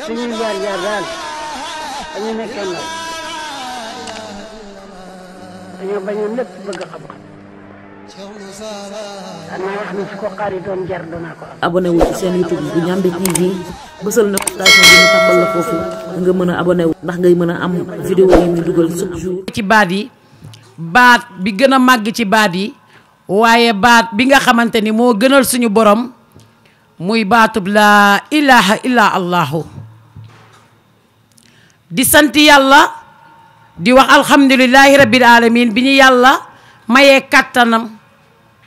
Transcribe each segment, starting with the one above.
suñu jaar jaar daal dañu su ko xaar seen YouTube bu Ndiamé TV bësal na station bi nga mën a abonné ndax ngay mën a am vidéo yi ñu dugal chaque baat yi baat bi gën a màgg ci baat yi waaye baat bi nga xamante ni moo gënal suñu borom muy baatub laa ilaha illa allahu di sant yàlla di wax alhamdulilahi rabbil alamin bi ñu yàlla mayee kàttanam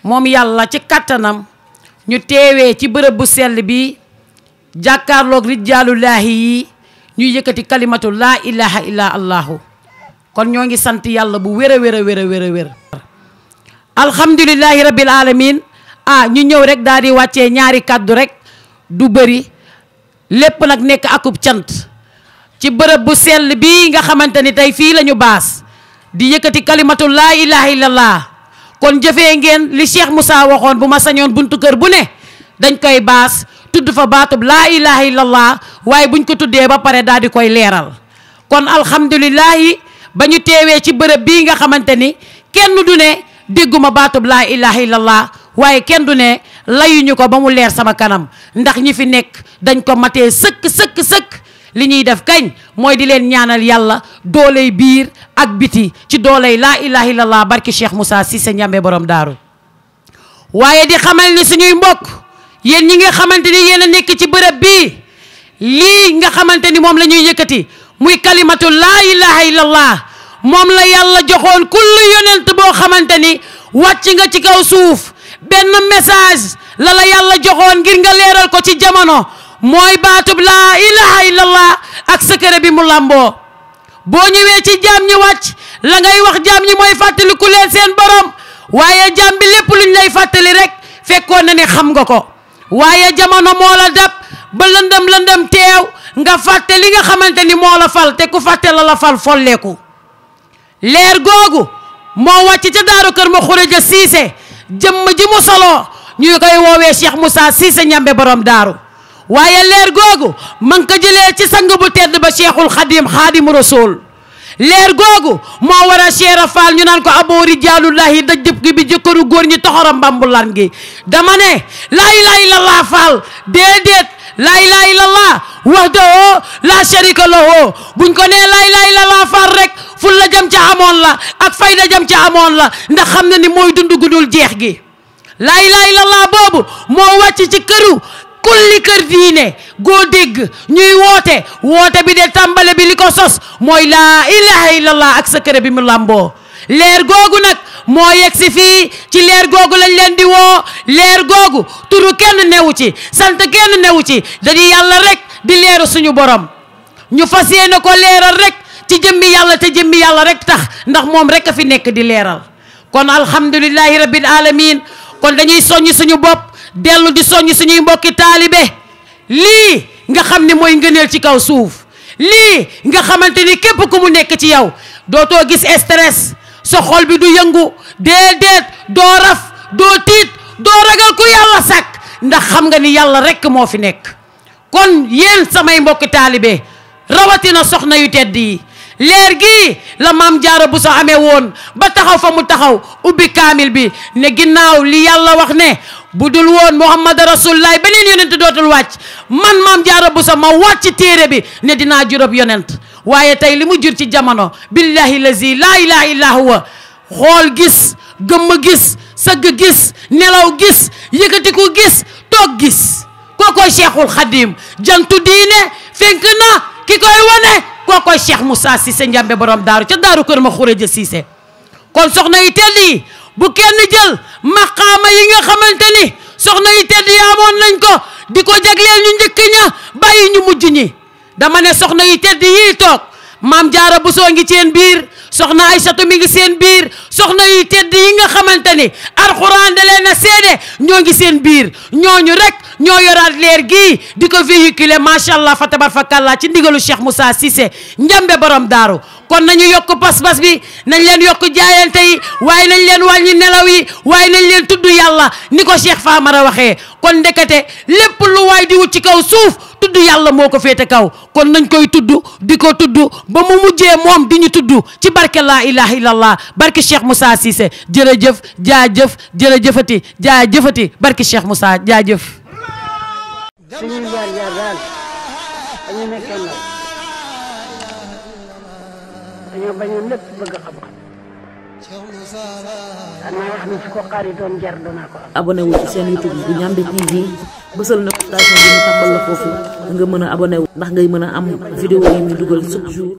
moom yàlla ci kàttanam ñu teewee ci bërëb bu sell bi jàkkaarloog rijjaalullaahi yi ñuy yëkkati kalimatu laa ilaha illa allahu kon ñoo ngi sant yàlla bu wér a wér a wér a wér a rabbil alamin ah ñu ñëw rek daal di wàccee ñaari kàddu rek du bëri lépp nag nekk akub cant ci bërëb bu sell bii nga xamante ni tey fii la ñu baas di yëkkati kalimatu laa ilaha illallah kon jëfee ngeen li Cheikh Moussa waxoon bu ma sañoon buntu kër bu ne dañ koy baas tudd fa baatub laa ilaha illallah waaye buñ ko tuddee ba pare daal di koy leeral kon alhamdulilahi ba ñu teewee ci bërëb bii nga xamante ni kenn du ne dégguma baatub laa ilaha illallah waaye kenn du ne layuñu ko ba mu leer sama kanam ndax ñi fi nekk dañ ko matee sëkk sëkk sëkk li ñuy def kañ mooy di leen ñaanal yàlla dooley biir ak biti ci dooley laa ilaha illallah barki Cheikh si Cissé Ndiamé borom daaru waaye di xamal ni suñuy mbokk yéen ñi nga xamante ni yéen nekk ci bërëb bii lii nga xamante ni moom lañuy ñuy yëkkati muy kalimatu laa ilaha illallah moom la yàlla joxoon kullu yonent boo xamante ni wàcc nga ci kaw suuf benn message la la yàlla joxoon ngir nga leeral ko ci jamono mooy baatub laa ilaha illallah ak secret bi mu làmboo boo ñëwee ci jaam ñi wàcc la ngay wax jaam ñi mooy fàttaliku leen seen borom waaye jaam bi lépp luñ lay fàttali rek fekkoon na ne xam nga ko waaye jamono moo la dab ba lëndëm lëndëm teew nga fàtte li nga xamante ni moo la fal te ku fàtte la fal folleeku leer googu moo wàcc ca daaru kër ma a siise jëm ji mu soloo ñu koy woowee Cheikh Moussa Siise ñambe borom daaru waaye leer googu ma ngi ko jëlee ci sang bu tedd ba cheikhul xadim xaadimu rasul leer googu moo war a cheera faal ñu naan ko aboo rijaalullahi da jëp gi bi jëkkëru góor ñi toxoram mbambulan gi dama ne laa ilaaha illallah faal déedéet laa ilaaha illallah wahdahu laa sharika lahu buñ ko nee lay ilaaha illallah faal rek ful la jam ci amoon la ak fayda jam ci amoon la ndax xam na ni mooy dund gudul jeex gi laa ilaaha illallah boobu moo wàcc ci këru kulli kër diine goo dégg ñuy woote woote bi de tàmbale bi li ko sos mooy laa ilaha illallah ak sa kër bi mu làmboo leer googu nag moo yegg si fii ci leer googu lañ leen di woo leer googu turu kenn newu ci sant kenn newu ci dañuy yàlla rekk di leeru suñu borom ñu fas yéene ko leeral rek ci jëmmi yàlla te jëmmi yàlla rek tax ndax moom rek a fi nekk di leeral kon alhamdulillahi rabbil alamin kon dañuy soññ suñu bopp dellu di soññ suñuy mbokki taalibe lii nga xam ne mooy ngëneel ci kaw suuf lii nga xamante ni képp ku mu nekk ci yow dootoo gis stress sa xol bi du yëngu déedéet doo raf doo tiit doo ragal ku yàlla sàkk ndax xam nga ni yàlla rekk moo fi nekk kon yéen samay mbokki taalibe rawatina soxna yu tedd yi leer gi la maam jaara bu sa amee woon ba taxaw fa mu taxaw ubbi kaamil bi ne ginnaaw li yàlla wax ne bu dul woon muhammad rasulullah beneen yonent dootul wàcc man maam jaara bu sa ma ci téere bi ne dinaa juróom yonent waaye tey li mu jur ci jamono billahi lazi laa ilaha illa huwa xool gis gëmm gis sëgg gis nelaw gis yëkkatiku gis toog gis kookooy cheikhul xadim jantu diine fenk na ki koy wane kookoy Cheikh Moussa Cissé Ndiambe borom daaru ca daaru kër ma xuréja Cissé kon soxna yi tedd yi bu kenn jël maqaama yi nga xamante soxna yi tedd yi nañ ko di ko jagleel ñu njëkk ña bàyyi ñu mujj ñi dama ne soxna yi tedd yii toog maam jaara busoo ngi seen biir soxna Aysatu mi ngi seen biir soxna yu tedd yi nga xamante ni alxuraan da leen a seede ñoo ngi seen biir ñooñu rek ñoo yoraat leer gii di ko véhiculer macha allah fa tabarfakàllaa ci ndigalu Cheikh Moussa Cissé njambe borom daaru kon nañu yokk pas-pas bi nañ leen yokk jaayante yi waaye nañ leen wàññi nelaw yi waaye nañ leen tudd yàlla ni ko Cheikh a waxee kon ndekete lépp lu waay di ci kaw suuf tudd yàlla moo ko feete kaw kon nañ koy tudd di ko tudd ba mu mujjee moom di ñu tudd ci barke laa ilaha illallah barke Cheikh Moussa Cissé jërëjëf jaajëf jërëjëfati jaajëfati barke Cheikh Moussa jaajëf. suñuy jaar jaar daal dañu nekkoon nag. dañoo bañoon lépp bëgg xam-xam xanaa wax ko xaar yi doon ko am. ci seen YouTube bu Ndiamé TV bësal na station bi ñu tàmbal la foofu nga mën a abonné ndax ngay mën a am vidéo yi ñu dugal chaque jour.